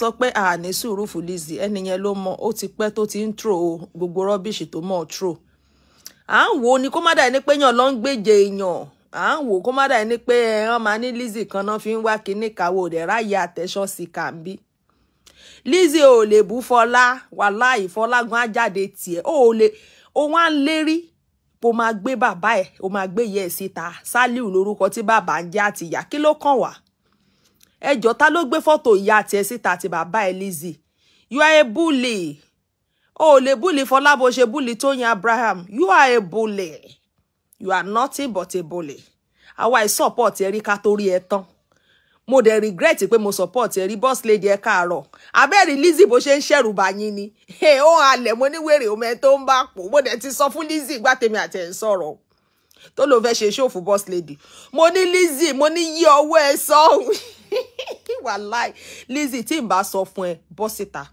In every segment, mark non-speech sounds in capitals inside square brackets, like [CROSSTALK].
sọ pé àní sùúrù fún Lizzy ẹni yẹn ló mọ ó ti pẹ́ tó ti ń tro gbogbo rọ́bìṣì tó mọ̀ tro à ń wo ni kó má dà ní pé yàn ló ń gbèjè èèyàn à ń wò kó má dà ní pé ẹran máa ní Lizzy kan náà fi ń wá kinní kàwé òdẹ ráyè àtẹ̀sọ́ sí kàmbí Lizzy ò lè bú Fọlá wàláì Fọlá gan ajáde tiẹ̀ ó lè ó wá ń lérí bó máa gbé bàbá ẹ̀ ó máa gbé yẹ̀ síta Sálíù lórúkọ tí bàbá ń jẹ́ àtìyá kí ló kàn wá ẹjọ́ ta ló gbé fọ́tò ìyá tiẹ̀ síta àti bàbá ẹ̀ Lizzy you are a bully o ò lè bully Fọlá bó ṣe bully Tóyìn Abraham you are a bully you are nothing but a bully àwa ì support ẹ rí ká torí ẹ tán mo dẹ̀ regret pé mo support ẹ rí boss lady ẹ káàárọ̀ abẹ́rẹ́ Lizzy bó ṣe ń ṣẹ̀rù bá yín ni ó halẹ̀ mo níwèrè omi ẹ tó ń bá pò mo dẹ̀ ti sọ fún Lizzy ìgbà tèmi àti ẹ̀ ń sọ̀rọ̀ tó ló fẹ́ ṣe ṣòfò boss lady mo ní Lizzy mo ní yí ọwọ́ ẹ sọ́hùn [LAUGHS] wàláì Lizzy tí n bá sọ fún ẹ bọ́ síta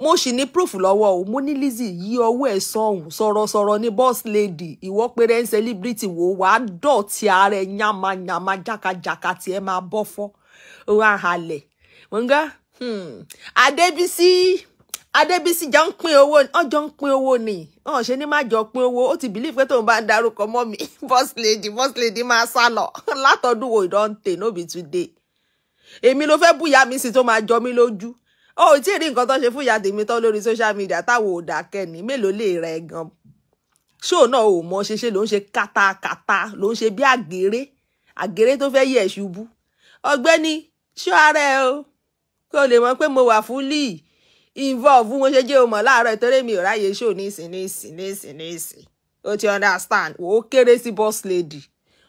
mo sì ní proof lọ́wọ́ o mo ní Lizzy yí ọwọ́ ẹ̀ sọ̀hún sọ̀rọ̀sọ̀rọ̀ ní boss lady ìwọ péré ń celebrity wo wàá dọ̀tí ara ẹ̀ yamayama jákàjákà tí ẹ máa bọ́ fọ́ ó wá halẹ̀ wọ́n gá hmm. Adébísí adébísí jọ ń pín owó ọjọ́ ń pín owó ni wọn ṣe ni má jọ pín owó ó ti believe pé tóun bá ń darúkọ mọ́ mi [LAUGHS] first lady first lady máa sá lọ [LAUGHS] látọdún wo ìdọ́ǹtẹ̀ nóbi today èmi ló fẹ́ búyà mi sí tó máa jọ mí lójú ó ò tí ì rí nǹkan tó ṣe fún ìyá tèmi tán lórí social media táwọn ò dákẹ́ ni mélòó lè rẹ gan ṣóò náà ò mọ ṣe ṣe ló ń ṣe kátakátá ló ń ṣe bí àgéré àgéré tó fẹ́ yí ẹ̀ ṣubú ọ̀gbẹ́ni ṣọ́ ara ẹ o kó o lè mọ̀ pé mo wà fún líì involve wọn ṣe jẹ́ o mọ̀ láàárọ̀ ìtọ́rẹ́ mi ò ráyè ṣó nísìn nísìn nísìn nísìn o ti understand o kéré sí boss lady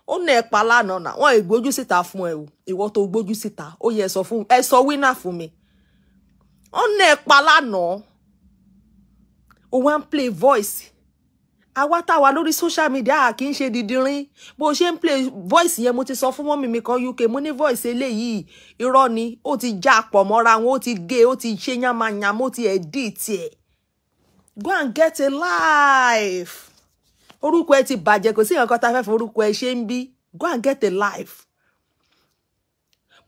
ó nà ẹ pa lánàá nà wọn ìgbójú síta fún ẹ o ìwọ tó gbójú síta ó yẹ sọ fún ẹ sọ winner fún mi ó nà ẹ pa lánàá o wá ń play voice àwa tá a lórí social media a kì í ṣe dídìrín bó ṣe ń play voice yẹn mo ti sọ fún mọ́mì mi kan UK mo ní voice eléyìí irọ́ ni ó ti já pọ̀ mọ́ra wọn ó ti gé ó ti ṣe yánmayànmó ti edit ẹ̀ go and get a life orúkọ ẹ ti bàjẹ́ kò sí nǹkan tá a fẹ́ fọ orúkọ ẹ ṣe ń bí go and get a life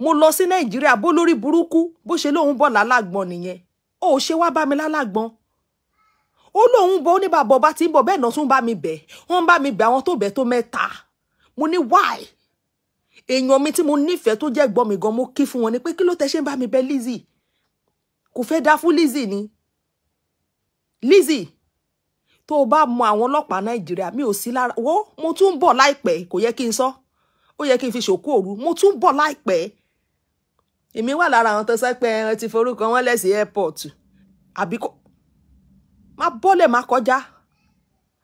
mo lọ sí Nàìjíríà bó lórí burúkú bó ṣe lóun bọ̀ lálàgbọ̀n nìyẹn ó ṣe wá bá mi lálàgbọ̀n ó lóun bọ ó ní bàbá ọba tí ń bọ bẹ́ẹ̀ náà tún bá mi bẹ̀ wọ́n bá mi bẹ̀ àwọn tó bẹ̀ tó mẹ́ta mo ní why èèyàn mi tí mo nífẹ̀ẹ́ tó jẹ́ gbọ́ mi gan mo kí fún wọn ni pé kí ló tẹ ṣe ń bá mi bẹ̀ Lizzy kò fẹ́ dá fún Lizzy ni Lizzy tó o bá mọ àwọn ọlọ́pàá Nàìjíríà mi ò sí lára wo mo tún ń bọ̀ láìpẹ́ kò yẹ kí n sọ ó yẹ kí n fi ṣòkú òru mo tún ń bọ̀ láìpẹ́ èmi wà lára àwọn tó sọ ẹ ti forúkọ wọn lẹ̀ airport àbí kò má bọ́lẹ̀ má kọjá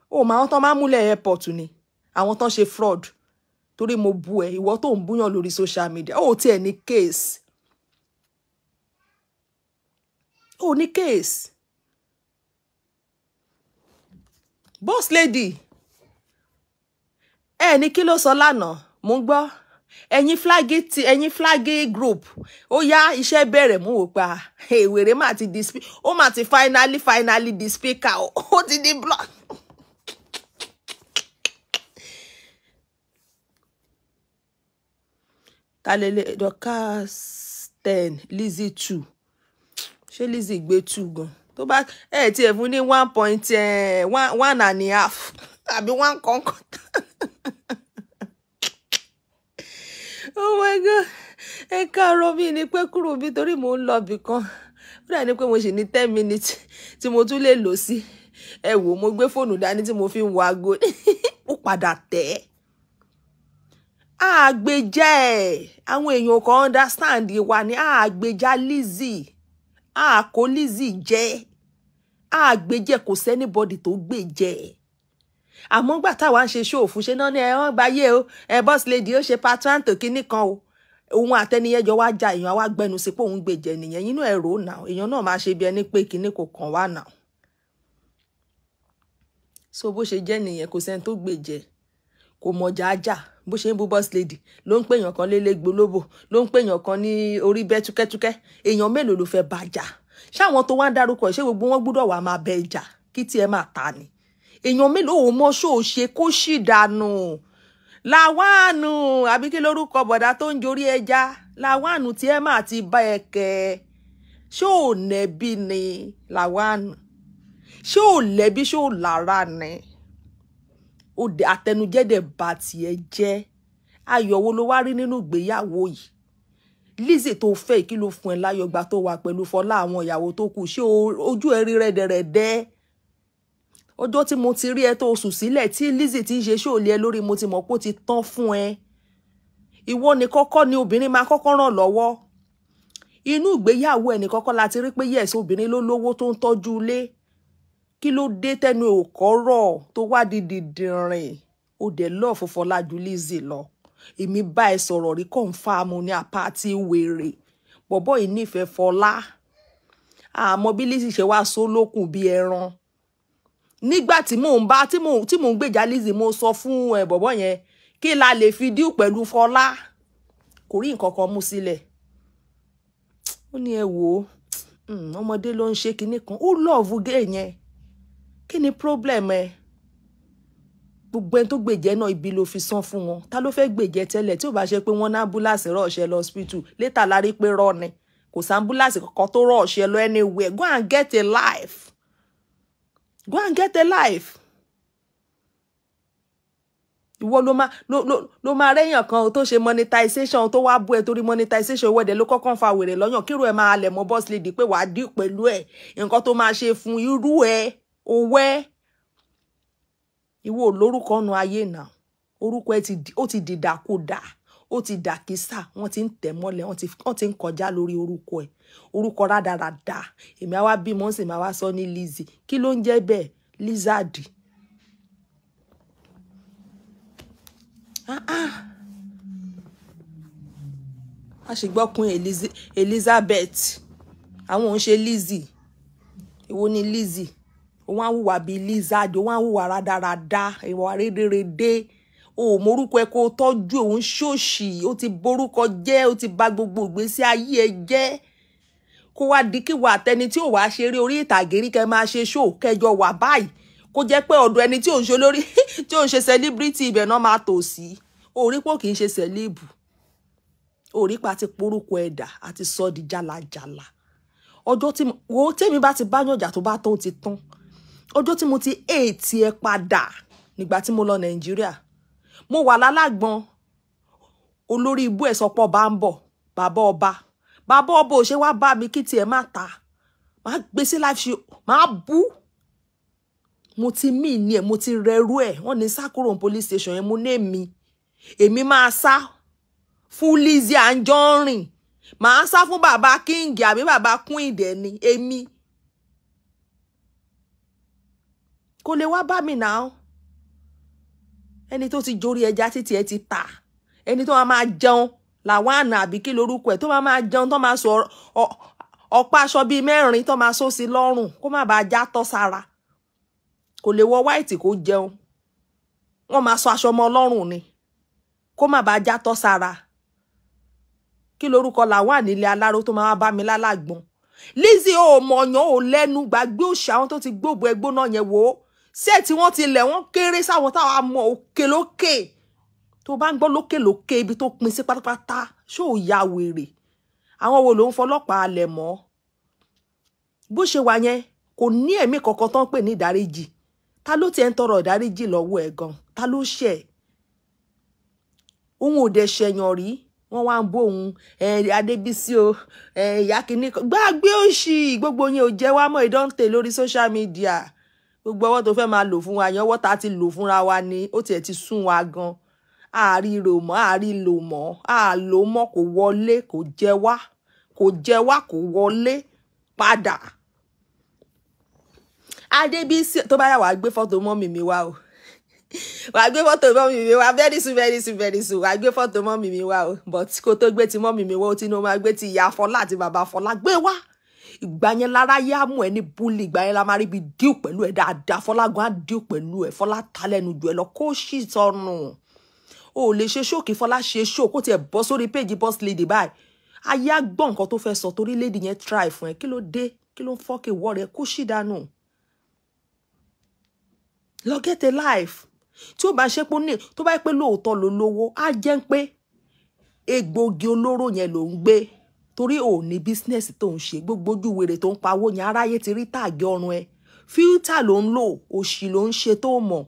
o ma àwọn tán má múlẹ̀ airport ni àwọn tán ṣe fraud torí mo bu ẹ ìwọ tó ń búyàn lórí social media o tiẹ̀ ní case o ní case boss lady ẹ ní kí ló sọ lánàá mo ń gbọ́ ẹ̀yin flaggy ti ẹ̀yin flaggy group ó yá iṣẹ́ bẹ̀rẹ̀ mú wò pa ah, èwèrè mà ti di speaker ó mà ti finally finally di speaker [LAUGHS] ó ti di block. talele dorcas ten lizzy two ṣé lizzy gbé two gan tó bá ẹ ti ẹ̀ fún ní one point eh, one and a half tàbí [LAUGHS] one kankan. [LAUGHS] oh my god ẹ káàárọ̀ mi ni pé kúrò bí torí mò ń lọ bì kan ó dà ní pé mo sì ní ten minutes tí mo tún lè lò sí ẹ wò mo gbé fóònù dání tí mo fi ń wo aago [LAUGHS] ó padà tẹ̀ ẹ́ àgbèjẹ àwọn èèyàn kan understand wa ni àgbèjà Lizzy àkó Lizzy jẹ àgbèjẹ kò sẹ́nibọ́dì tó gbèjẹ àmọ́ gbà táwa ń ṣe ṣòfò ṣe náà ni ẹ wọ́n o ẹ bọ́sì lady ó ṣe patranto kínní kan o òun àtẹniyẹn jọ wá ja èèyàn wá gbẹnu sí pé òun gbèjẹ nìyẹn inú ẹ rò náà èèyàn náà máa ṣe bí ẹni pé kínní kò kàn wá náà so bó ṣe jẹ́ nìyẹn kò sẹ́ni tó gbèjẹ kò mọ̀jà ájà bó ṣe ń bú bọ́sì lady ló ń pèèyàn kan lélẹ́ gbolóbò ló ń pèèyàn kan ní orí bẹ́ túkẹ́túkẹ́ èèyàn mélòó ló fẹ́ bàjà ṣáwọn tó wá ń dárúkọ ṣé gbogbo wọn gbúdọ̀ wà máa bẹ ìjà kí tiẹ̀ máa ta ni èèyàn mélòó ò mọ ṣó o ṣe kó ṣì dànù làwáànù àbí kí lórúkọ bọ̀dá tó ń jorí ẹja làwáànù tí ẹ máa ti bá ẹ kẹ ṣé ò nẹ́bí ni làwáànù ṣé ò lẹ́bí ṣé ò lára ni àtẹnujẹ́dẹ̀ bá tiẹ̀ jẹ́ ayọ̀ wo ló wá rí nínú ìgbéyàwó yìí Lizzy tó fẹ́ kí ló fún ẹ láyọ̀ tó wà pẹ̀lú fọlá àwọn ìyàwó tó kù ṣé ojú ẹ rí rẹ́dẹ̀rẹ́dẹ́ ọjọ́ tí mo ti rí ẹ tó sùn sílẹ̀ tí Lizzy ti ń ṣe ṣòlì ẹ lórí mo ti mọ̀ pé ó ti tán fún ẹ ìwọ ni kọ́kọ́ ni obìnrin máa kọ́kọ́ ràn lọ́wọ́ inú ìgbéyàwó ẹnì kọ́kọ́ la ti rí pé yẹ̀sì obìnrin ló lówó tó ń tọ́jú ilé kí ló dé tẹnu òkọ́rọ̀ tó wá di dìndìnrìn ó dẹ̀ lọ́ọ̀ fọfọlá ju Lizzy lọ èmi bá ẹ sọ̀rọ̀ rí kọ́ńfàmù ní apáti wèrè bọ̀bọ́ yìí nífẹ̀ẹ́ fọlá àmọ́ bí Lizzy ṣe wá sólókùn bíi ẹran nígbà tí mò ń bá tí mò tí mò ń gbèjà Lizzy mo sọ fún ẹ eh, bọ̀bọ̀ yẹn kí la lè fi díù pẹ̀lú Fọlá kò rí nǹkan kan mú sílẹ̀ ó ní ẹ wò ó hmm, ọmọdé ló ń ṣe kinní kan ó lọ́ọ̀vù gé yẹn kí ni problem ẹ gbogbo ẹni tó gbèjẹ náà ibi ló fi san fún wọn ta ló fẹ́ gbèjẹ tẹ́lẹ̀ tí ò bá ṣe pé wọ́n ná ambulance rọ̀ọ̀ṣẹ́ lọ hospital later la rí pé rọ́ọ̀ ni kò sí ambulance kankan tó rọ̀ọ̀ṣẹ́ lọ anywhere go and get a life go and get a life ìwọ ló máa ló ló ló máa rẹ́yàn kan tó ṣe monetization tó wá bú ẹ torí monetization ìwọ́dẹ ló kọ́kọ́ fa wèrè lọ́yàn kírò ẹ máa lẹ̀ mọ́ boss lady pé wàá dì pẹ̀lú ẹ̀ nǹkan tó máa ṣe fún irú ẹ òwe ìwọ lórúkọ nu ayé náà orúkọ ẹ ti ó ti dìdàkudà ó ti dàkísà wọ́n ti ń tẹ̀ mọ́lẹ̀ wọ́n ti ń kọjá lórí orúkọ ẹ̀ orúkọ rádaràda èmi àwa bímọ ń sì máa wá sọ ní Lizzy kí ló ń jẹ́ bẹ́ẹ̀ Lizzy. Ah, ah. a sì gbọ́kun Elizabeth àwọn òun ṣe Lizzy èwo ni Lizzy òun á hùwà bíi Lizzy òun á hùwà rádaràda ìwà rédèrèdè. Rada, o ò morúkọ ẹ kó tọ́jú òun ṣòṣì ó ti borúkọ jẹ́ ó ti bà gbogbo ìgbésí ayé ẹ jẹ́ kó wá di kí wà tẹni tí ò wá ṣe eré orí ìtàgé rí kẹ máa ṣe ṣó kẹjọ wà báyìí kó jẹ́ pé ọ̀dọ̀ ẹni tí ò ń ṣe olórí [LAUGHS] tí ò ń ṣe sẹlíbírìtì ibẹ̀ náà máa tò sí orí pò kì í ṣe sẹlíbù orí pa ti porúkọ ẹ̀dà àti sọ di jálajàla ọjọ́ tí wo tèmi bá ti bá yànjà tó bá tó ti tán ọjọ́ tí mo ti èètì ẹ padà nígbà tí mo lọ Nàìjíríà mo wà lálàgbọn olórí ibú ẹ̀ sọpọ̀ bá ń bọ̀ bàbá ọba bàbá ọba ò ṣe wá bá mi kí tiẹ̀ má ta má gbé sí life ṣe má bú mo ti mí ni ẹ̀ mo ti rẹrú ẹ̀ wọ́n ní sákòrò police station yẹn mo ní èmi èmi máa sá fún Lizzy Anjorin màá sá fún bàbá kíngì àbí bàbá kún ìdẹ ni èmi kò lè wá bá mi náà ẹni tó ti jórí ẹja títí ẹ ti ta ẹni tó máa máa jẹun làwọn àna àbí kí lorúkọ ẹ tó máa máa jẹun tó máa sọ ọ̀pá aṣọ bíi mẹ́rin tó máa sọ sí lọ́rùn kó má bàa já tọ́ sára kò lè wọ wáìtì kó jẹun wọ́n máa sọ aṣọ ọmọ ọlọ́run ni kó má bàa já tọ́ sára kí lorúkọ làwọn ànílé aláró tó máa bá mi lálàgbọ́n Lizzy o mọ̀yàn o lẹ́nu gbàgbé òṣà àwọn tó ti gbóògbó ẹgbóná yẹn wò ó ṣé tí wọ́n ti lẹ̀ wọ́n kéré sáwọn táwa mọ̀ òkè lókè tó bá ń gbọ́ lókè lókè ibi tó pin sí pátápátá ṣó ò ya wèrè àwọn wo ló ń fọlọ́pàá alẹ̀ mọ́ bó ṣe wà yẹn kò ní ẹ̀mí kankan tó ń pè ní ìdáríjì ta ló tiẹ̀ ń tọrọ ìdáríjì lọ́wọ́ ẹ̀ gan ta ló ṣẹ̀ òun ò dẹ̀ ṣẹ̀yàn rí wọ́n wá ń bó òun adébísí o ìyá kìíní gbàgbé òṣì gbogbo yẹn ò jẹ́ wá mọ́ ìdọ́ǹtẹ̀ lórí social media gbogbo ọwọ́ tó fẹ́ máa lò fún wa yẹn ọwọ́ tá a ti lò fúnra wa ni ó tiẹ̀ ti sún wa gan àárí rò mọ́ àárí lò mọ́ àlò mọ́ kò wọlé kò jẹ wá kò jẹ wá kò wọlé padà adébísí tó bá yà wá gbé fọ́tò mọ́mì mi wá o [LAUGHS] wàá gbé fọ́tò mọ́mì mi wá very soon very soon very soon wàá gbé fọ́tò mọ́mì mi wá o but kó tó gbé ti mọ́mì mi wá o tí ní o máa gbé ti ìyá Fọlá àti bàbá Fọlá gbé wá ìgbà yẹn lára yá mú ẹ ní búlì ìgbà yẹn la máa rí ibi díù pẹ̀lú ẹ dáadáa fọlágun á díù pẹ̀lú ẹ fọlá ta lẹ́nu jù ẹ lọ kó ṣì sọnù o ò lè ṣe ṣó kí fọlá ṣe ṣó kó tiẹ̀ bọ́ sórí péjì boss lady báyìí ayé á nǹkan tó fẹ́ sọ torí lady yẹn try fún ẹ kí ló dé kí ló ń fọ́kè wọ́ rẹ kó ṣì dànù lọ get life tí ó bá ṣe pé ní tó bá yẹ pé lóòótọ́ ló lówó á jẹ́ pé egbògi olóró yẹn ló ń gbé torí ò ní bísínẹ́sì tó ń ṣe gbogbo ojú wèrè tó ń pawó yẹn aráyé ti rí tàgé ọrùn ẹ fíútà ló ń lò òṣì ló ń ṣe tó mọ̀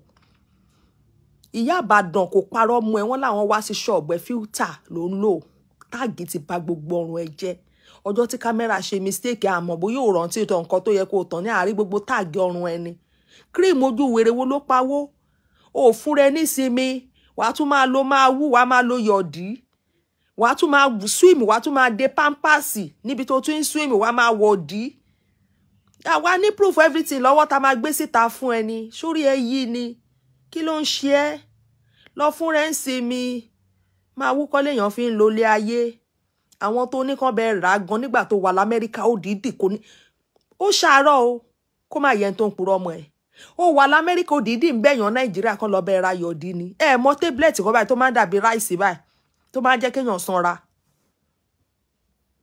ìyá àbàdàn kò parọ́ mu ẹ wọ́n láwọn wá sí ṣọ́ọ̀bù ẹ fíútà ló ń lò táàgì ti bà gbogbo ọrùn ẹ jẹ́ ọjọ́ tí kámẹ́rà ṣe mistake àmọ́ bóyá ò rántí ìtàn nǹkan tó yẹ kó tàn ní àárín gbogbo táàgì ọrùn ẹni kírìmù ojú wèrè wo ló pawó òfun rẹ nísinmi wàá tún máa lo máa wú wàá máa lo yọ̀dí wàá tún máa swim wàá tún máa dé pampasì níbi tó tún ń swim wàá máa wọ̀ dí àwa ní proof everything lọ́wọ́ tá máa gbé síta fún ẹni sórí ẹ yí ni kí ló ń ṣe ẹ́ lọ fún rẹ́ǹsì mi máa wúkọ́ léèyàn fi ń lólé ayé àwọn tó ní kàn bẹ́ẹ̀ rà á gan nígbà tó wà lamẹ́ríkà ó dìídì kò ní ó ṣàárọ̀ o kó má yẹn tó ń purọ́ ọmọ ẹ̀ ó wà lamẹ́ríkà ó dìídì ń bẹ̀yàn nàìjíríà kan lọ bẹ́ẹ̀ ra yọ̀dí ni ẹ̀ mọ́ tébìlẹ̀tì kan báyìí tó máa ń dàbí ráìsì báyìí tó máa jẹ́ kéèyàn sanra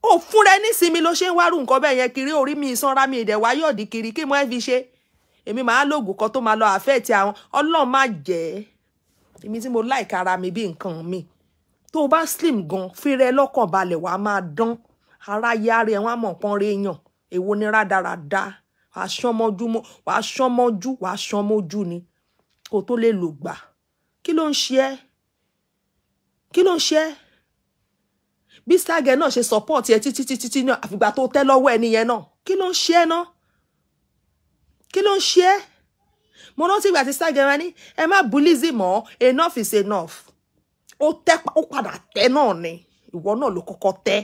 ò fúnra ẹ nísinmi ló ṣe ń wárú nǹkan bẹ́ẹ̀ yẹn kiri orí mi ìsanra mi ìdẹ̀ wáyé ọ̀dì kiri kí mo ẹ́ fi ṣe èmi máa lòògùn kan tó máa lọ àfẹ́ ti àwọn ọlọ́run má jẹ́ èmi tí mo láìka ara mi bí nǹkan mi tó bá slim gan fírẹ lọ́kàn balẹ̀ wàá máa dán ara yára ẹ̀ wọ́n á mọ̀ pọ́n rẹ̀ yàn èwo ni rádaràda wàá sánmọ́jú wàá sánmọ́jú ni kò tó lè lò gbà kí ló ń ṣe ẹ́ kí ló ń ṣe bí stargate náà ṣe support ẹ títí títí tí náà àfìgbà tó tẹ́ lọ́wọ́ ẹni yẹn náà kí ló ń ṣe ẹ náà kí ló ń ṣe ẹ mo rántí ìgbà tí stargate ní ẹ má bullizi mọ́ enough is enough ó tẹ́ ó padà tẹ́ náà ni ìwọ náà ló kọ́kọ́ tẹ́.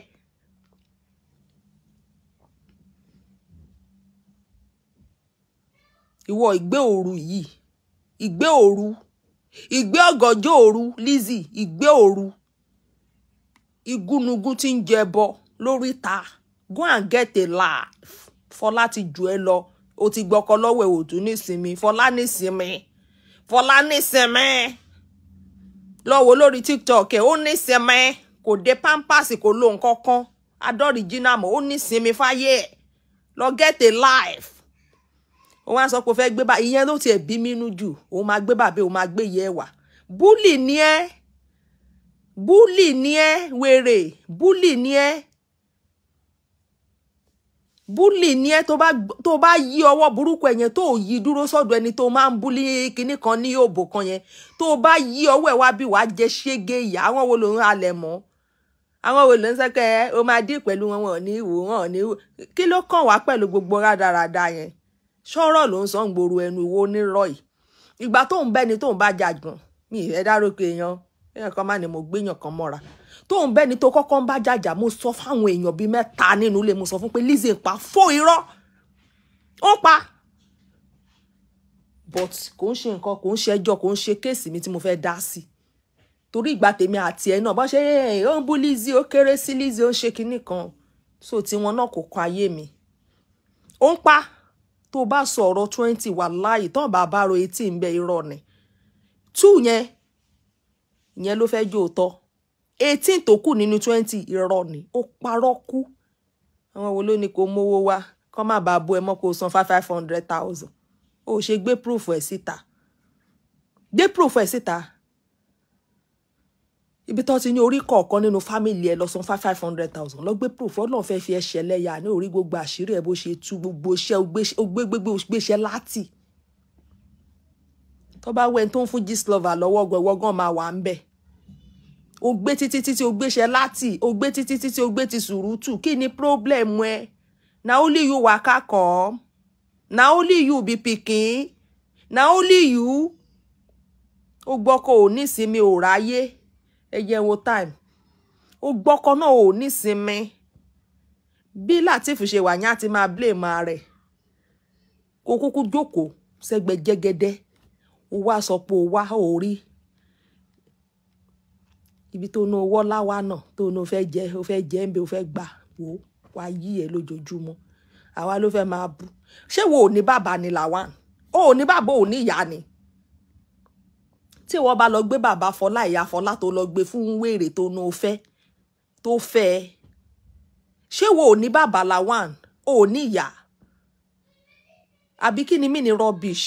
ìwọ ìgbé òru yìí ìgbé òru ìgbé ọ̀gànjọ́ òru Lizzy ìgbé òru igúnnugún tí ń jẹbọ lóríta go and get a life fọlá ti jù ẹ lọ o ti gbọkọ lọ́wọ́ ẹ ò tún nísinmi fọlá nísinmi fọlá nísinmi lọ́wọ́ lórí tiktok ẹ ó nísinmi kò dé pampers kò lo nǹkan kan adọ́rìjínà mọ́ ó nísinmi fáyé ẹ lọ get a life òun á sọ pé o fẹ́ gbé bá ìyẹn ló tiẹ̀ bí mínú jù òun máa gbé bàbá òun máa gbé ìyẹ́ wà búlì ni ẹ́ búlì ni ẹ́ wèrè búlì ni ẹ́ búlì ni ẹ́ tó bá yí ọwọ́ burúkú ẹ̀ yẹn tó yí dúró sọ́dọ̀ ẹni tó máa ń búlì kinní kan ní òbò kan yẹn tó bá yí ọwọ́ ẹ̀ wá bí wàá jẹ ṣége ìyá àwọn wo lòun halẹ̀ mọ́ àwọn wo ló ń sẹ́kẹ́ o máa dín pẹ̀lú wọn wọn ò ní wò wọn ò ní kí ló kàn wá pẹ̀lú gbogbo rádaràda yẹn ṣọ́rọ̀ ló ń sọ ń gbòòrò ẹnu wo nírọ̀ yìí ìgbà tóun bẹ́ni tóun bá jà mi ẹ̀ dárókè èèyàn èèyàn kan má ní mo gbéyàn kan mọ́ra tóun bẹ́ni tó kọ́kọ́ ń bá jàjà mo sọ fáwọn èèyàn bíi mẹ́ta nínú ilé mo sọ fún pé Lizzy ń pa fó irọ́ ó pa but kò ń ṣe nǹkan kò ń ṣe ẹjọ́ kò ń ṣe kéèsì mi tí mo fẹ́ dá sí i torí ìgbà tèmi àti ẹ náà bá ṣe ó ń bú Lizzy ó kéré sí Lizzy ó ń ṣe kinní kan so tiwọn náà kò kọ ayé mi ó ń pa tó bá sọ ọ̀rọ̀ twenty wà láàyè tán bá bá ro eighteen ń bẹ irọ́ ni two yẹn ìyẹn ló fẹ́ẹ́ jó tọ́ eighteen tó kù nínú twenty irọ́ ni ó parọ́ kú àwọn wo ló ní kó mówó wá kó má bàa bo ẹ kó san five five hundred thousand ó ṣe gbé proof ẹ̀ síta gbé proof ẹ̀ síta ibi tó ti ní orí kọ̀ọ̀kan nínú fámìlì ẹ lọ san fá five hundred thousand lọ gbé proof ọlọ́run fẹ́ fi ẹsẹ̀ ẹlẹ́yà ní orí gbogbo àṣírí ẹ bó ṣe tú gbogbo iṣẹ́ ògbégbégbéṣẹ́ láti tó bá wẹ́n tó ń fún gist lover lọ́wọ́ gbọ̀wọ́gàn máa wà ń bẹ̀ o gbé títí títí o gbéṣẹ́ láti o gbé títí títí o gbé ti sùúrùtù kí ni problem ẹ na only you waka come na only you be pikin na only you o gbọ́kọ̀ ò nísinmi ò ráyé ẹ yẹ wo time ó gbọ́kọ náà ò nísinmi bí Lateef ṣe wà yẹn á ti máa blame rẹ̀ kó kúkú jókòó sẹ́gbẹ́ jẹ́gẹ́dẹ́ ó wá sọ pé ó wá ò rí ibi tó ná owó láwa náà tó ná o fẹ́ jẹ́ o fẹ́ jẹ́ ń bẹ o fẹ́ gbà wò ó wá yí ẹ lójoojúmọ́ àwa ló fẹ́ máa bú ṣé wo ò ní bàbá ni làwọn ò ní bàbá ò ní ìyá ni. Lawan, tí wọ́n bá lọ gbé bàbá fọlá ìyá fọlá tó lọ gbé fún wèrè tó nu fẹ́ tó fẹ́ ẹ ṣé wo ò ní bàbá lawan ò ní ìyá àbí kí ni mí ni rubbish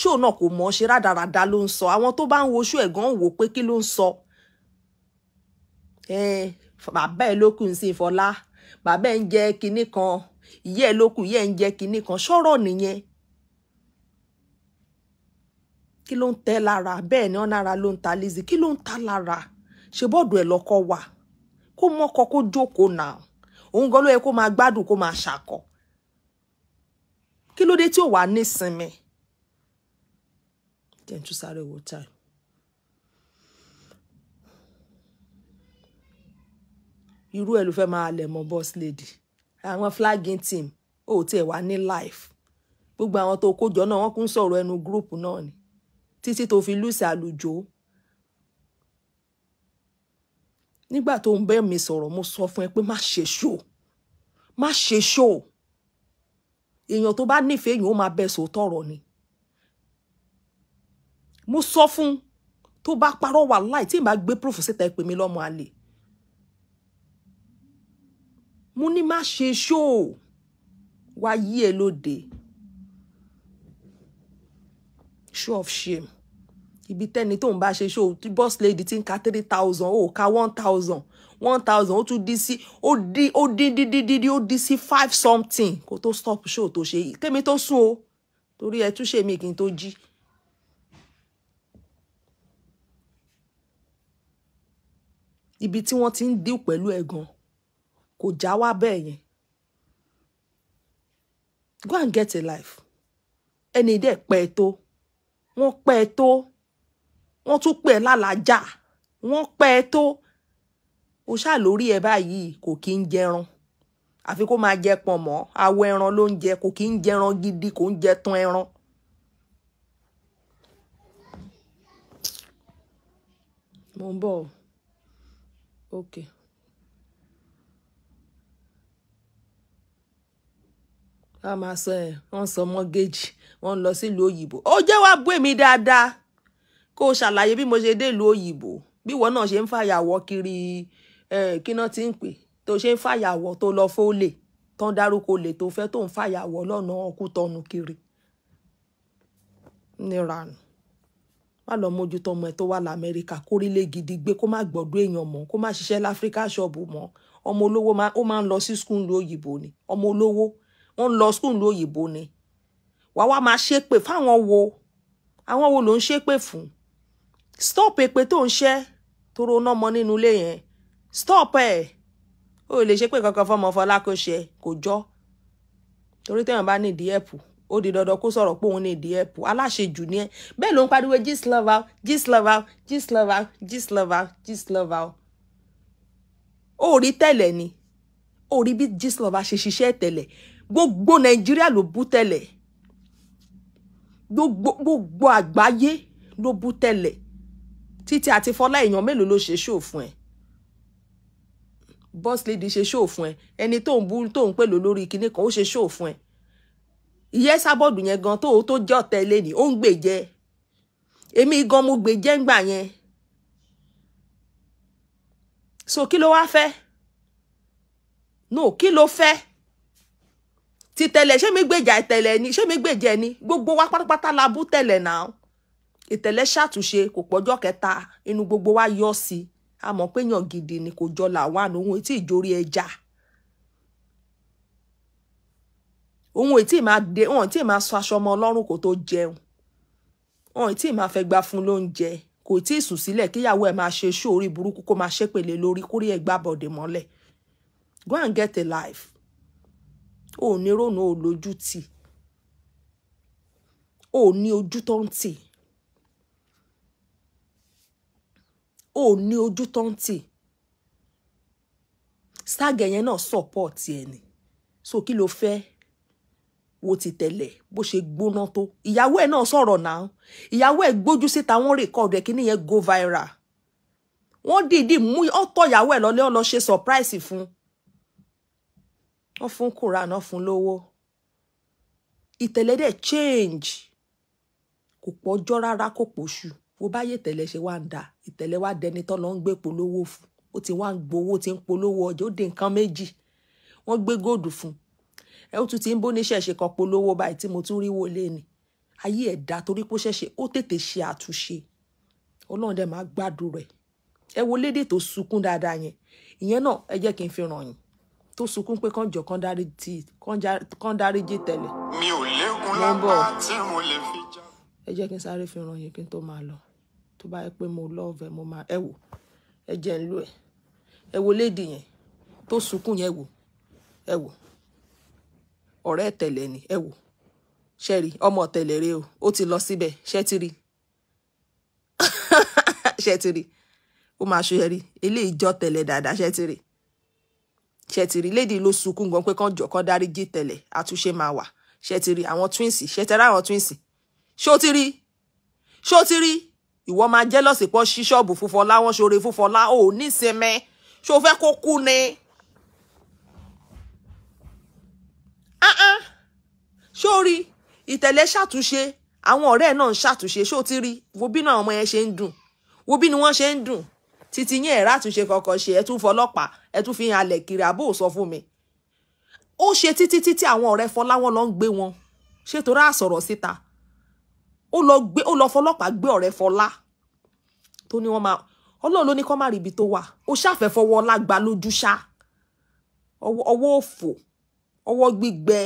ṣó náà kò mọ̀ ṣe rádaràda ló ń sọ àwọn tó bá ń woṣú ẹ̀gán wò pé kí ló ń sọ bàbá ẹ ló kù ń sìn fọlá bàbá ẹ ń jẹ kinní kan ìyá ẹ ló kù ìyá ẹ ń jẹ kinní kan ṣọ́rọ̀ nìyẹn kí ló ń tẹ́ lára bẹ́ẹ̀ ni ọ̀nàra ló ń ta Lizzy kí ló ń ta lára ṣe bọ́ọ̀dù ẹ̀ lọ́kọ́ wà kó mọ́kọ kó jókòó náà òun gan ló yẹ kó máa gbádùn kó máa ṣàkọ kí ló dé tí ò wá nísinmi irú ẹ̀ ló fẹ́ máa lẹ̀ mọ́ boss lady àwọn flagging team ó tiẹ̀ wá ní life gbogbo àwọn tó kójọ náà wọ́n kún sọ̀rọ̀ ẹnu gúrúùpù náà ni títí tó fi lùsì àlùjò nígbà tó ń bẹ́ mi sọ̀rọ̀ mo sọ fún ẹ pé má ṣe ṣó má ṣe ṣó èèyàn tó bá nífẹ̀ẹ́ èèyàn ó máa bẹ̀ sòótọ́ ọ̀rọ̀ ni mo sọ fún tó bá parọ́ wà láì tí ì máa gbé proof síta ẹ pè mí lọ́mọ àlè mo ní má ṣe ṣó wá yí ẹ lóde show of shame ibi tẹ́ni tó ń bá ṣe ṣó tí boss lady ti ń ka three thousand ó ka one thousand one thousand ó tún dín sí ó dín ó dín dín dín dín ó dín sí five something kó tó stop show tó ṣe yìí kémi tó sùn o torí ẹ tún ṣe mí kí n tó jí. ibi tí wọ́n ti ń dín pẹ̀lú ẹ̀ gan kò já wá bẹ́ẹ̀ yẹn go and get a life ẹni dẹ̀ pẹ́ tó wọ́n pẹ́ tó wọ́n tún pè ẹ́ lálàájá wọ́n pẹ́ ẹ tó o ṣáà lórí ẹ báyìí kò kí ń jẹran àfi kó máa jẹ pọ̀nmọ́ awọ ẹran ló ń jẹ kò kí ń jẹran gidi kò ń jẹ tán ẹran. mo ń bọ̀ ok. a máa sọ ẹ wọ́n sọ mọ́gẹ́jì wọ́n lọ sílùú òyìnbó ó jẹ́ wàá bú èmi dáadáa kó o ṣàlàyé bí mo ṣe délùú òyìnbó bí ìwọ náà ṣe ń fàyàwọ́ kiri kíná tí ń pè tó ṣe ń fàyàwọ́ tó lọ fólè tán dárúkọ olè tó fẹ́ tó ń fàyàwọ́ lọ́nà ọkùtọ́nu kiri níranu má lọ mójútó ọmọ ẹ tó wà lamẹ́ríkà kórílẹ̀ gidi gbé kó má gbọ́dọ̀ èèyàn mọ́ kó má ṣiṣẹ́ láfíríkà ṣọ́ọ̀bù mọ́ ọmọ olówó ó máa ń lọ sí skul lu òyìnbó ni ọmọ olówó wọ́n ń lọ skul òyìnbó ni wàá wá máa ṣépè fáwọn wo àwọn wo ló ń ṣépè fún stop èpè tó ń ṣẹ́ tó roná mọ nínú ilé yẹn stop ẹ̀ ó lè ṣe pé kankan fọmọ fọlá kò ṣe kò jọ torí téèyàn bá ní ìdí ẹ̀pù ó di dandan kó sọ̀rọ̀ pé òun ní ìdí ẹ̀pù aláṣejù ni ẹ bẹ́ẹ̀ ló ń pariwo Gistlover Gistlover Gistlover Gistlover Gistlover ó rí tẹ̀lẹ̀ ni ó rí bí Gistlover ṣe ṣiṣẹ́ tẹ̀lẹ̀ gbogbo Nàìjíríà ló bú tẹ̀lẹ̀ gbogbo àgbáyé ló bú tẹ̀lẹ̀ títí àti fọlá èèyàn mélòó ló ṣe ṣóò fún ẹ boss lady ṣe ṣóò fún ẹ ẹni tó ń bú tó ń pè ló lórí kinní kan ó ṣe ṣóò fún ẹ ìyẹn sábọ́ọ̀dù yẹn gan tó tó jẹ́ ọ̀tẹ̀ ilé ni ó ń gbèjẹ èmi gan mo gbèjẹ ń gbà yẹn so kí ló wá fẹ́ no kí ló fẹ́ ti tẹ̀lẹ̀ ṣé mi gbèjà tẹ̀lẹ̀ ni ṣé mi gbèjẹ ni gbogbo wa pátápátá la bú tẹ̀lẹ̀ náà ìtẹ̀lẹ́ ṣàtúnṣe kò pọ́jọ́ kẹta inú gbogbo wa yọ sí i a gidi ni kò jọ làwọn òun tí ìjórí ẹja òun tí máa dé òun tí máa sọ aṣọ ọmọ ọlọ́run kò tó jẹun òun tí máa fẹ́ gbà fún lóúnjẹ kò tí ì sùn sílẹ̀ kíyàwó ẹ̀ máa ṣe iṣẹ́ orí burúkú kó máa ṣépele lórí kórí ẹ̀ gbàbọ̀dẹ̀ mọ́lẹ̀ go and get a life ò ní ronú ò lójú tì ò ní ojú tó ń tì. ò ní ojú tó ń tì ságẹ̀ yẹn náà support ẹ̀ ni so kí ló fẹ́ wo ti tẹ̀lẹ̀ bó ṣe gbóná tó ìyàwó ẹ̀ náà sọ̀rọ̀ náà ìyàwó ẹ̀ gbójú síta wọ́n record ẹ̀ kí nìyẹn go viral wọ́n dìídì mú ọ̀tọ̀ ìyàwó ẹ̀ lọ́lẹ́ ọ̀lọ́ ṣe surprise fún wọ́n fún Quran wọ́n fún lówó ìtẹ̀lẹ̀ dẹ̀ change kò pọ̀jọ́ rárá kò pọ̀ṣù wo báyé ìtẹ̀lẹ̀ ṣe wá ń dà ìtẹ̀lẹ̀ wá dẹni tán lọ ń gbé polówó fún ó ti wá ń gbowó ti ń polówó ọjà ó di nǹkan méjì wọ́n gbé góòdù fún ẹ ó tún ti ń bó níṣẹ́ ṣe kan polówó báyìí tí mo tún rí wọlé ni ayé ẹ̀ dá torí pé ó ṣẹ̀ṣẹ̀ ó tètè ṣe àtúnṣe ọlọ́run dẹ̀ máa gbádùn rẹ̀ ẹ wo lédè tó sunkún dáadáa yẹn ìyẹn náà ẹ jẹ́ kí n fi ràn yín tó sunkún pé kánjọ kán dáríjì tẹ̀lẹ̀. mi ò lékun lápá tí mo lè fi já. ẹ jẹ́ kí n sáré fi ràn yín kí n tó máa lọ tó bá yẹ pé mo love ẹ mo máa ẹ wò ẹ jẹ́ ń lò ẹ ẹ wo léèdì yẹn tó sunkún yẹn wò ẹ wò ọ̀rẹ́ ẹ̀tẹ̀lẹ̀ ni ẹ wò ṣẹ́ẹ̀rì ọmọ ọ̀tẹ̀lẹ̀ rẹ o ó ti lọ síbẹ̀ ṣẹ́ẹ̀tìrì [LAUGHS] ṣẹ́ẹ̀tìrì ó máa ṣẹ́ẹ̀rì eléyìí jọ tẹ̀lẹ̀ dáadáa ṣẹ́ẹ̀tìrì ṣẹ́ẹ̀tìrì léèdì ló sunkún gan pé kán jọ kán dáríjì tẹ̀lẹ̀ àtúnṣe máa wà ṣẹ́ẹ̀tìrì àwọn twins ṣẹ́ẹ̀tẹ̀rẹ̀ àwọn twins ṣó ti rí ṣó ti rí ìwọ máa jẹ́lọ́sì pọ̀ sí ṣọ́ọ̀bù fúnfọlá wọn ṣoore fúnfọlá ò nísinmi ṣó fẹ́ kó kú ni. ṣórí ìtẹ̀lé ṣàtúnṣe àwọn ọ̀rẹ́ náà ń ṣàtúnṣe ṣó ti rí wo bí náà ọmọ yẹn ṣe ń dùn wo bí ni wọ́n ṣe ń dùn títí yẹn ẹ̀rá àtúnṣe kankan ṣe ẹ tún fọlọ́pàá ẹ tún fi hàn alẹ̀ kiri àbó ò sọ fún mi. ó ṣe títí títí àwọn ọ̀rẹ́ Fọláwọn ló ń gbé wọn ṣètò rà sọ̀rọ̀ síta ó lọ gbé ó lọ fọlọ́pàá gbé ọ̀rẹ́ Fọlá tó ní wọ́n máa Ọlọ́run ló ní kọ́ má ríbi tó wà ó ṣàfẹ́ fọwọ́ ọlá gba lójú ṣá ọwọ́ òfò ọwọ́ gbígbẹ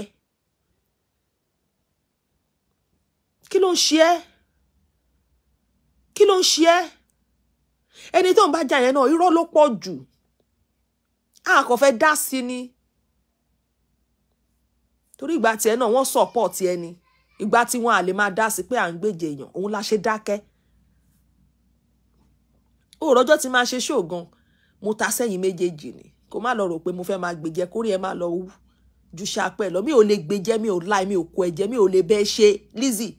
kí ló ń ṣe kí ló ń ṣe ẹni tó ń bá jà yẹn náà irọ́ ló pọ̀ jù a kò fẹ́ dá sí ni torí ìgbà tiẹ̀ náà wọ́n support ẹni ìgbà tí wọn à lè máa dá sí pé à ń gbèjè èèyàn òun la ṣe dákẹ́ òòrọ́jọ́ ti máa ṣe ṣóògan mo ta sẹ́yìn méjèèjì ni kó má lọ rò pé mo fẹ́ máa gbèjẹ kórè ẹ má lọ wú ju ṣapẹ́ lọ mi ò lè gbèjẹ mi ò láì mi ò kó ẹ̀jẹ̀ mi ò lè bẹ́ẹ̀ ṣe Lizzy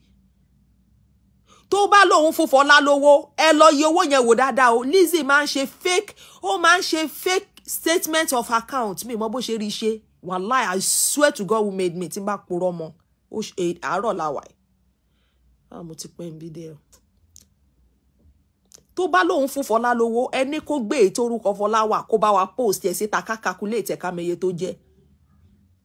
tó bá lòun fún Fọlá lówó ẹ lọ yí owó yẹn wò dáadáa o Lizzy máa ń ṣe fake ó máa ń ṣe fake statement of account mi mọ bó ṣe rí ṣe wàláì I swear to God who made me tí n bá purọ́ mọ́ àárọ̀ làwà yìí ah, mo ti pẹ́ ń bí dé o tó bá lóun fún fọlá lówó ẹni kó gbé èyí tó orúkọ fọlá wà kó bá wa post ẹ síta ká calculate ẹ̀ka meye tó jẹ́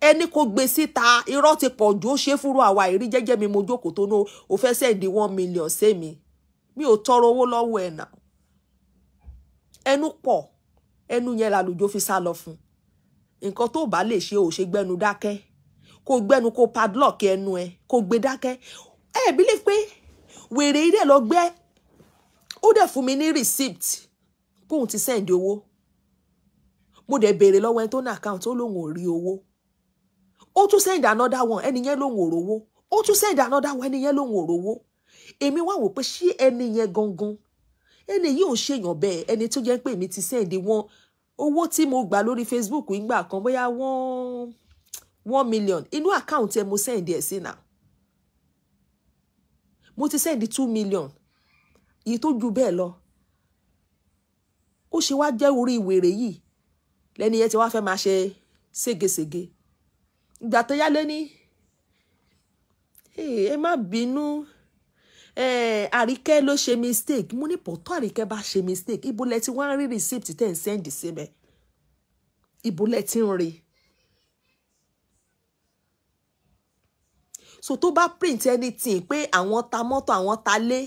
ẹni kó gbé síta irọ́ ti pọ̀ jù ó ṣe fúru àwa ìrí jẹ́jẹ́ mi mo jókòó tó ná o fẹ́ sẹ́ndí one million sé mi mi ò tọrọ owó lọ́wọ́ ẹ̀ nà ẹnu pọ̀ ẹnu yẹn làlùjọ fi sá lọ fún nǹkan tó bá lè ṣe ò ṣe gbẹnu dákẹ́ kó gbẹ́nu kó padlock ẹnu ẹ kó gbé dákẹ́ ẹ ẹ believe pé wèrè ilé lọ gbé ó dẹ̀ fún mi ní receipt kóun ti send owó mo dẹ̀ béèrè lọ́wọ́ ẹni tó ní account ó lóun ò rí owó ó tún send another one ẹni yẹn lóun ò rówó ó tún send another one ẹni yẹn lóun ò rówó èmi wá wò pé ṣé ẹni yẹn gangan ẹni yìí ò ṣèyàn bẹ́ẹ̀ ẹni tó jẹ́ pé èmi ti send wọn owó tí mo gbà lórí Facebook ìgbà kan bóyá wọ́n one million inú account? ẹ mo send ẹ sí náà mo ti send two million èyí tó ju bẹ́ẹ̀ lọ ó ṣe wá jẹ́ orí ìwèrè yìí lẹ́ni yẹn ti wá fẹ́ máa ṣe ségesège ìgbà tó yá lẹ́ni ẹ má bínú àríkẹ́ ló ṣe mistake mo ní pọ̀tọ́ àríkẹ́ bá ṣe mistake ibo lẹ ti wá ń rí receipt tẹ̀ ń send sí mi ibo lẹ ń rí so tó bá print anything pé àwọn ta mọ́tò àwọn ta lé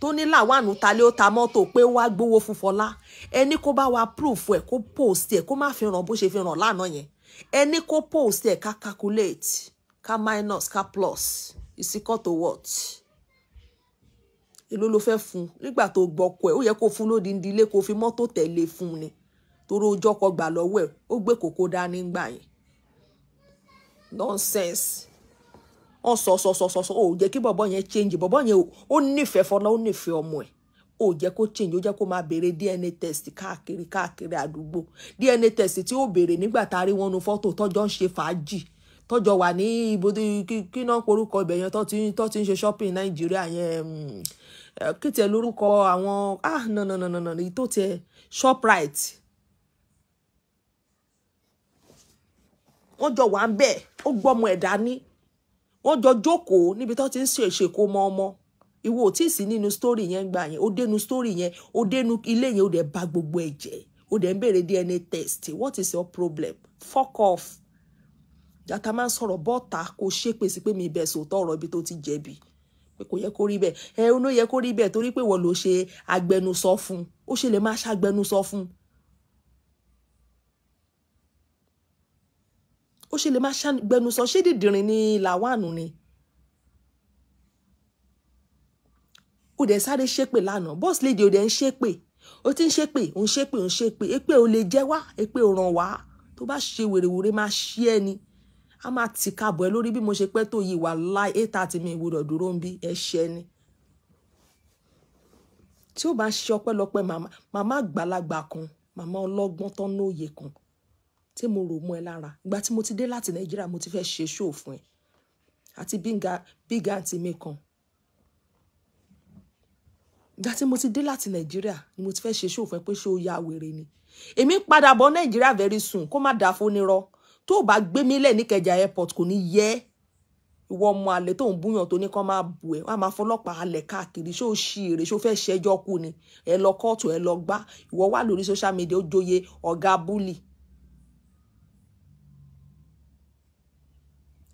tó ní làwánú ta lé ó ta mọ́tò pé wá gbowó fún Fọlá ẹni kó bá wa proof ẹ̀ kó post ẹ̀ kó má fi ràn bó ṣe fi ràn lánàá yẹn ẹni kó post ẹ̀ ká calculate ká minus ká plus is equal what èló ló fẹ́ fún nígbà tó gbọ́kọ̀ ẹ̀ ó yẹ kó fún lódìndí ilé kó fi mọ́tò tẹ̀lé fún ni torí ojú ọkọ̀ gbà lọ́wọ́ ẹ̀ ó gbé kókó dání gbà yẹn nonsense wọn sọ sọ sọ sọ sọ ò jẹ́ kí bọ̀bọ̀ yẹn change bọ̀bọ̀ yẹn ó nífẹ̀ẹ́ fọlá ó nífẹ̀ẹ́ ọmọ ẹ̀ ò jẹ́ kó change ó jẹ́ kó máa béèrè DNA test káàkiri káàkiri àdúgbò DNA test tí ó béèrè nígbà tá a rí wọn nu fọ́tò tọ́jọ́ ń ṣe fàájì tọ́jọ́ wà ní ibodè kí náà porúkọ ibẹ̀ yẹn tó ti ń ṣe shopping Nàìjíríà yẹn mm, kí tiẹ̀ lórúkọ àwọn ah no no no no no èyí tó tiẹ̀ Shoprite wọ́n jọ wà ń bẹ̀ ó gbọ́mọ ẹ̀ dání wọ́n jọ jókòó níbi tó ti ń ṣe ìṣèkó mọ́ ọmọ ìwọ ò tí ì sí nínú story yẹn gbà yẹn ó dénú story yẹn ó dénú ilé yẹn ó dẹ̀ bà gbogbo ẹ̀ jẹ́ ó dẹ̀ ń béèrè DNA test what is your problem fuck off jata máa ń sọ̀rọ̀ bọ́ta kò ṣépè sí pé mi bẹ̀ sòótọ́ ọ̀rọ̀ ibi tó ti jẹ̀bi pé kò yẹ kó rí bẹ́ẹ̀ ẹ ó ló yẹ kó rí bẹ́ẹ̀ torí pé wọ́n ló ṣe agbẹnusọ fún ó ṣe lè máa ṣàgbẹnusọ fún ó ṣe lè má gbẹnusọ ṣé dìdìrín ní làwánù ni ó dẹ̀ sáré ṣépè lánàá boss lady ó dẹ̀ ń ṣépè ó ti ń ṣépè ó ń ṣépè ó ń ṣépè èpè ó lè jẹ́ wá èpè ó ràn wá tó bá ṣe wèrèwèrè máa ṣí ẹni a máa tì kábọ̀ ẹ lórí bí mo ṣe pẹ́ tó yìí wà láì eight thirty mi ìwúrọ̀ dúró ń bí ẹ̀ṣẹ̀ ni tí ó bá ṣe ọpẹ́lọpẹ́ màmá àgbàlagbà kan màmá ọlọ́gbọ́n tán lóye kan tí mo rò mọ́ ẹ lára ìgbà tí mo ti dé láti nàìjíríà mo ti fẹ́ ṣe ṣóò fún ẹ àti bíga àǹtí mi kan ìgbà tí mo ti dé láti nàìjíríà ni mo ti fẹ́ ṣe ṣóò fún ẹ pé ṣé o ya wèrè ni èmi padà bọ̀ nàìjíríà very soon kó má dàá fónírọ́ tó o bá gbé mi lẹ̀ ní kẹjà airport kò ní yẹ ìwọ ọmọ àlè tó ń búyàn tó ní kán máa bù ẹ wọn máa fọlọ́pàá alẹ̀ káàkiri ṣó ṣì èrè ṣó fẹ́ ṣẹjọ́ kú ni ẹ lọ kóòtù ẹ lọ gbá ìwọ wà lórí social media ó joyè ọ̀gá búlì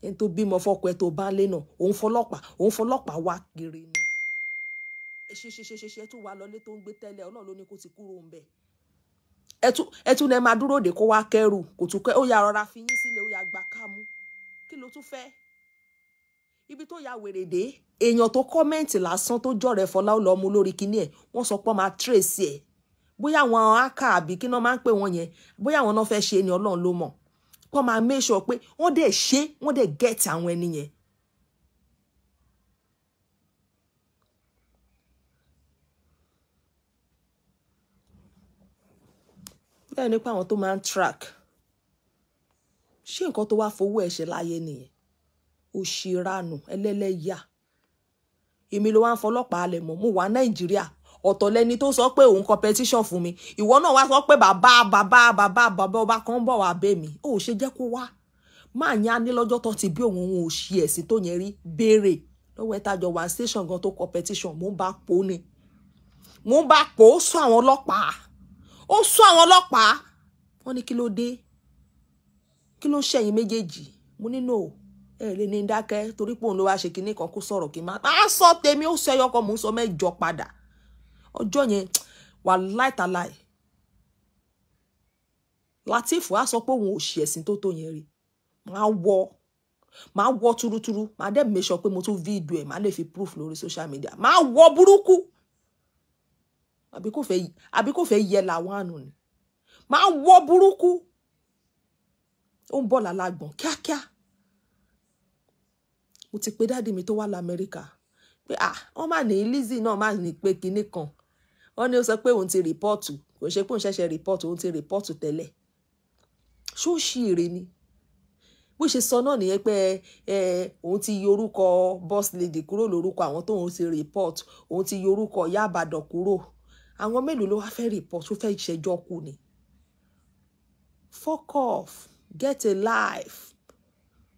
ẹni tó bímọ fọkọ ẹ tó bá lé náà òun fọlọ́pàá òun fọlọ́pàá wá kiri ni ṣeṣeṣeṣe ẹ tún wà lọlé tó ń gbé tẹ́lẹ̀ ọlọ́run ló ní kó ti kúrò ń bẹ̀ ẹ tún lẹ máa dúró dè kó wá kẹrù kò tún kẹ ó yà rọra fi yín sílẹ̀ ó yà gbà kámú kí ló tún fẹ́ ibi tó ya wèrèdè èèyàn tó kọ́mẹ́ǹtì lásán tó jọ̀rẹ̀ fọlá ó lọ́ọ́ mú lórí kinní ẹ̀ wọ́n sọ pé máa tírèsì ẹ̀ bóyá àwọn áká àbí kí náà máa ń pè wọ́n yẹn bóyá àwọn náà fẹ́ ṣe ni ọlọ́run ló mọ̀ kọ́ máa make sure pé wọ́n dẹ̀ ṣe wọ́n dẹ̀ get àwọn ẹni yẹn. bẹ́ẹ̀ nípa àwọn tó máa ń track ṣé nǹkan tó wá fowó ẹ̀ ṣe láyé nìyẹn òṣìranù ẹlẹ́lẹ́yà èmi ló wá ń fọlọ́pàá alẹ̀ mọ́ mo wà Nàìjíríà ọ̀tọ̀ lẹni tó sọ pé òun competition fún mi ìwọ náà wá sọ pé bàbá bàbá bàbá bàbá ọba kan bọ̀ wá bẹ́ mi ó ṣe jẹ́ kó wá máa ní lọ́jọ́ tó ti bí òun òun ò ṣe ẹ̀sìn tó yẹn rí béèrè lọ́wọ́ ẹ̀ tájọ wá station gan tó competition mò ń bá pò ni mò ń bá pò ó sún àwọn ọlọ́pàá ó sún àwọn ọlọ́pàá wọ́n ní kí ló dé kí ló ṣẹ̀yìn méjèèjì mo ní no ẹ lè ní dákẹ́ torí pé òun ló wá ṣe kinní kan kó sọ̀rọ̀ kí n má má sọ tèmi ó sọ ẹyọkọ mò ń sọ mẹ́jọ padà ọjọ́ yẹn wà láìtàláì Lateef á sọ pé òun ò ṣe ẹ̀sìn tó tó yẹn rí máa wọ máa wọ túrútúrú máa dẹ́ make sure pé mo tún fídíò ẹ̀ máa lè fi proof lórí social media máa wọ burúkú àbí kò fẹ́ yẹ làwọn àánú ni máa wọ burúkú ó ń bọ̀ lálágbọ̀n kíákíá mo ti pe dáàdi mi tó wà lamẹ́ríkà pé ah wọ́n máa ní Lizzy náà máa ní pé kinní kan wọ́n ní ó sọ pé òun ti rìpọ́ọ̀tù kò ṣe pé òun ṣẹ̀ṣẹ̀ rìpọ́ọ̀tù òun ti rìpọ́ọ̀tù tẹ́lẹ̀ ṣóòṣì èrè ni bó ṣe sọ náà nìyẹn pé ẹ òun ti yọ orúkọ boss lady kúrò lórúkọ àwọn tóun ti rìpọ́ọ̀tù òun ti yọ orúkọ ìyá àbàdàn kúrò àwọn mélòó ló wá fẹ́ rìpọ́ọ̀tù fẹ́ ìṣẹ́jọ́ kù ni fuck off get a life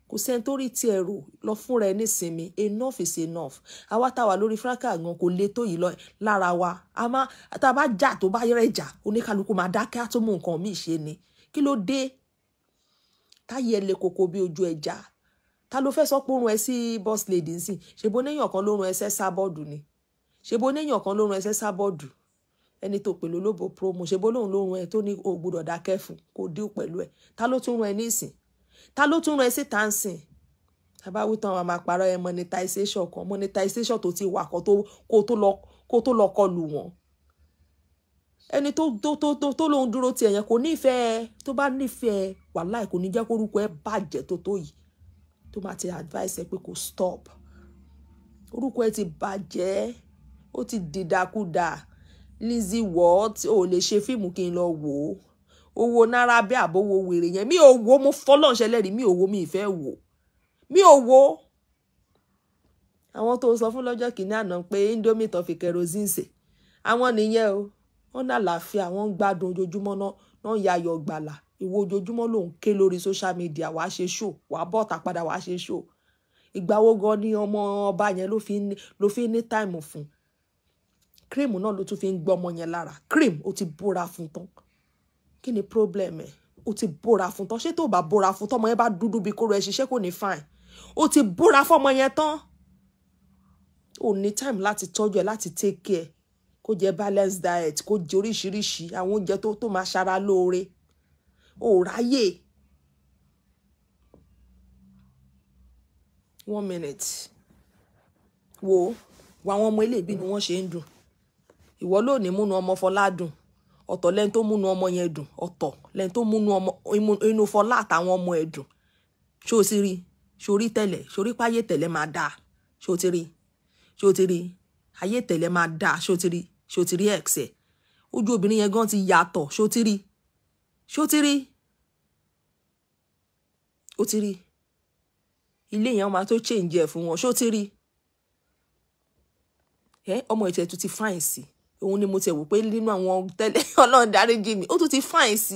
kò sẹ́ni tó rí tiẹ̀ rò lọ fúnra ẹ nísinmi enough is enough àwa tá a wà lórí franca gan kò lè tó yìí lọ lára wa a má tá a bá jà tó bá yẹrẹ jà oníkálukú máa dákẹ́ tó mú nǹkan míì ṣe ni kí ló dé táyé lè koko bí ojú ẹja ta ló fẹ́ sọ pé orun ẹ sí boss lady nsìn ṣèbó néèyàn kan lórun ẹsẹ̀ sábọ́ọ̀dù ni ṣèbó néèyàn kan lórun ẹsẹ̀ sábọ́ọ̀dù ẹni tó pẹ̀lú olóbo promo ṣèbó lóun lórun ẹ tó ní o gbọ́dọ̀ dákẹ́ fún kò dín pẹ̀lú ẹ ta ló tún run ẹ ní ta ló tún rán ẹ sí tàǹsìn tàbá wí tán wà máa parọ́ ẹ monetization kan monetization tó ti wà kan kó tó lọ kọlù wọn ẹni tó tó tó tó tó lòun dúró tiẹ̀ yẹn kò nífẹ̀ẹ́ tó bá nífẹ̀ẹ́ wàláì kò ní jẹ́ kórúkọ ẹ bàjẹ́ tó tó yìí tó máa ti advice ẹ pé kò stop orúkọ ẹ ti bàjẹ́ ó ti dìdàkudà Lizzy wọ́ọ́ tí ò lè ṣe fíìmù kí n lọ wò ó owó náírà bẹ́ àbówó wèrè yẹn mi ò wo mo fọlọ́ọ̀ṣẹ́ lẹ́rìí mi ò wo mi ìfẹ́ wò mi ò wo àwọn tó sọ fún lọ́jọ́ kìíní àná pé indomie tó fi kerosene sè àwọn nìyẹn o wọn ní àlàáfíà wọn ń gbádùn ojoojúmọ́ náà náà ń yayọ̀ gbàlà ìwọ ojoojúmọ́ ló ń ké lórí social media wàá ṣe show wàá bọ́ta padà wàá ṣe show ìgbàwó gan ni ọmọ ọba yẹn ló fi ní táìmù fún cream náà ló tún fi ń gbọ́ ọmọ yẹn lára cream ó ti búra fún tán kí ni problem ẹ̀ o ti bóra fún tán ṣé tó bá bóra fún tọmọ yẹn bá dúdú bí kóró ẹ ṣiṣẹ́ kò ní fine o ti bóra fọmọ yẹn tán o ní time láti tọ́jú ẹ láti take care kó jẹ balanced diet kó jẹ oríṣiríṣi àwọn oúnjẹ tó tó máa ṣara lóore o ráyè. one minute wo wo àwọn ọmọ ilé ìbí ni wọ́n ṣe ń dùn ìwọ ló ní múnú ọmọ fọlá ọ̀tọ̀ lẹ́ni tó múnú ọmọ yẹn dùn ọ̀tọ̀ lẹ́ni tó múnú ọmọ inú Fọlá àtàwọn ọmọ ẹ̀ dùn ṣó o ti rí ṣó rí tẹ̀lẹ̀ ṣó rí páyé tẹ̀lẹ̀ máa dáa ṣó o ti rí ṣó o ti rí ayé tẹ̀lẹ̀ máa dáa ṣó o ti rí ṣó o ti rí ẹ̀ṣẹ̀ ojú obìnrin yẹn gan ti yàtọ̀ ṣó o ti rí ṣó o ti rí o ti rí ilé yẹn máa tó change ẹ̀ fún wọn ṣó o ti rí ọmọ ìtẹ̀tù ti fáìn sí i òun ni mo ti wò pé nínú àwọn tẹ́lẹ̀ [LAUGHS] ọlọ́run dáríjì mi ó tún ti fine sí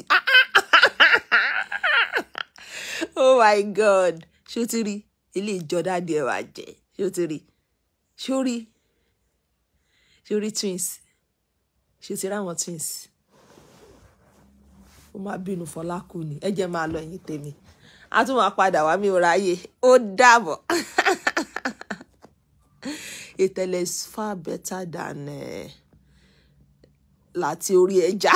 [LAUGHS] oh my god ṣé o ti rí ilé ìjọdá di ẹwà jẹ ṣé o ti rí ṣé o rí ṣé o rí twins ṣé o ti rí àwọn twins ó máa bínú fọlá kù ni ẹ jẹ́ máa lọ ẹ̀yìn tèmi a tún máa padà wá mi ò ráyè ó dàbọ̀. [LAUGHS] It is far better than uh, láti orí ẹja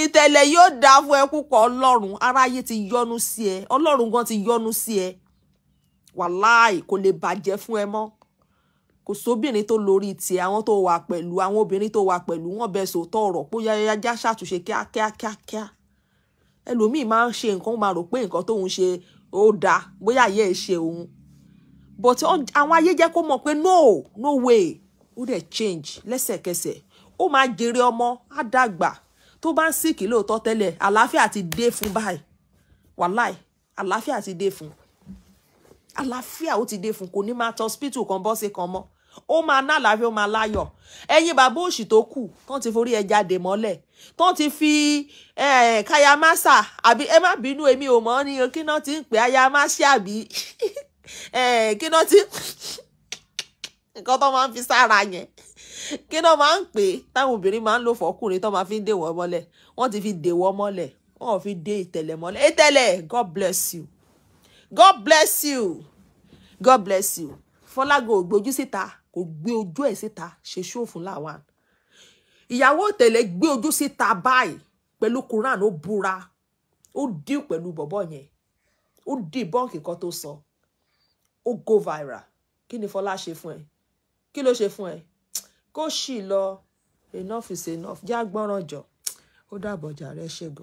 ìtẹ̀lẹ̀ yóò dáa fún ẹ púpọ̀ ọlọ́run aráyé ti yọ́nú sí ẹ ọlọ́run gan ti yọ́nú sí ẹ wàláì kò lè bàjẹ́ fún ẹ mọ́ kò sóbìnrin tó lórí tiẹ̀ àwọn tó wà pẹ̀lú àwọn obìnrin tó wà pẹ̀lú wọn bẹ sòótọ́ ọ̀rọ̀ pé yáyáyá ṣàtúnṣe kíákíákíá ẹlòmíì máa ń ṣe nǹkan máa rò pé nǹkan tóun ṣe ó dáa bóyá ayé ẹ ṣe òun but àwọn ayé jẹ́ kó mọ̀ pé no no way ó dẹ̀ change lẹ́sẹ̀kẹsẹ̀ ó máa jèrè ọmọ á dàgbà tó bá ń sìkì lóòótọ́ tẹ́lẹ̀ àlàáfíà ti dé fún báyìí wàláì àlàáfíà ti dé fún àlàáfíà ó ti dé fún kò ní máa tọ hospital kan bọ́ sí kan mọ́ ó máa ná àlàáfíà ó máa láyọ̀ ẹ̀yin bàbá òṣì tó kù tán ti forí ẹja dè mọ́lẹ̀ tán ti fi kayamasa àbí ẹ má bínú èmi ò mọ̀ ni kí náà ti ń pè ayamasa àbí [LAUGHS] kí náà ti nǹkan tó máa ń fi sára yẹn kí náà máa ń pè táwọn obìnrin máa ń lò fọkùnrin tó máa fi ń dè wọ́n mọ́lẹ̀ wọ́n ti fi dè wọ́n mọ́lẹ̀ wọ́n fi dé ìtẹ̀lẹ̀ mọ́lẹ̀ ìtẹ̀lẹ̀ God bless you God bless you God bless you Fọlágo ò gbójú síta kò gbé ojú ẹ̀ síta ṣe ṣóòfún làwọn ìyàwó ìtẹ̀lẹ̀ gbé ojú síta báyìí pẹ̀lú Quran ó búra ó dín pẹ̀lú bọ̀bọ̀ yẹn ó dín bọ́ǹkì kan tó sọ ó go viral kí ni Fọlá ṣe fún ẹ kí ló ṣe fún ẹ kó ṣì lọ enough is enough já gbọ́ràn jọ ó dàbọ̀ jàre ṣẹ́gun.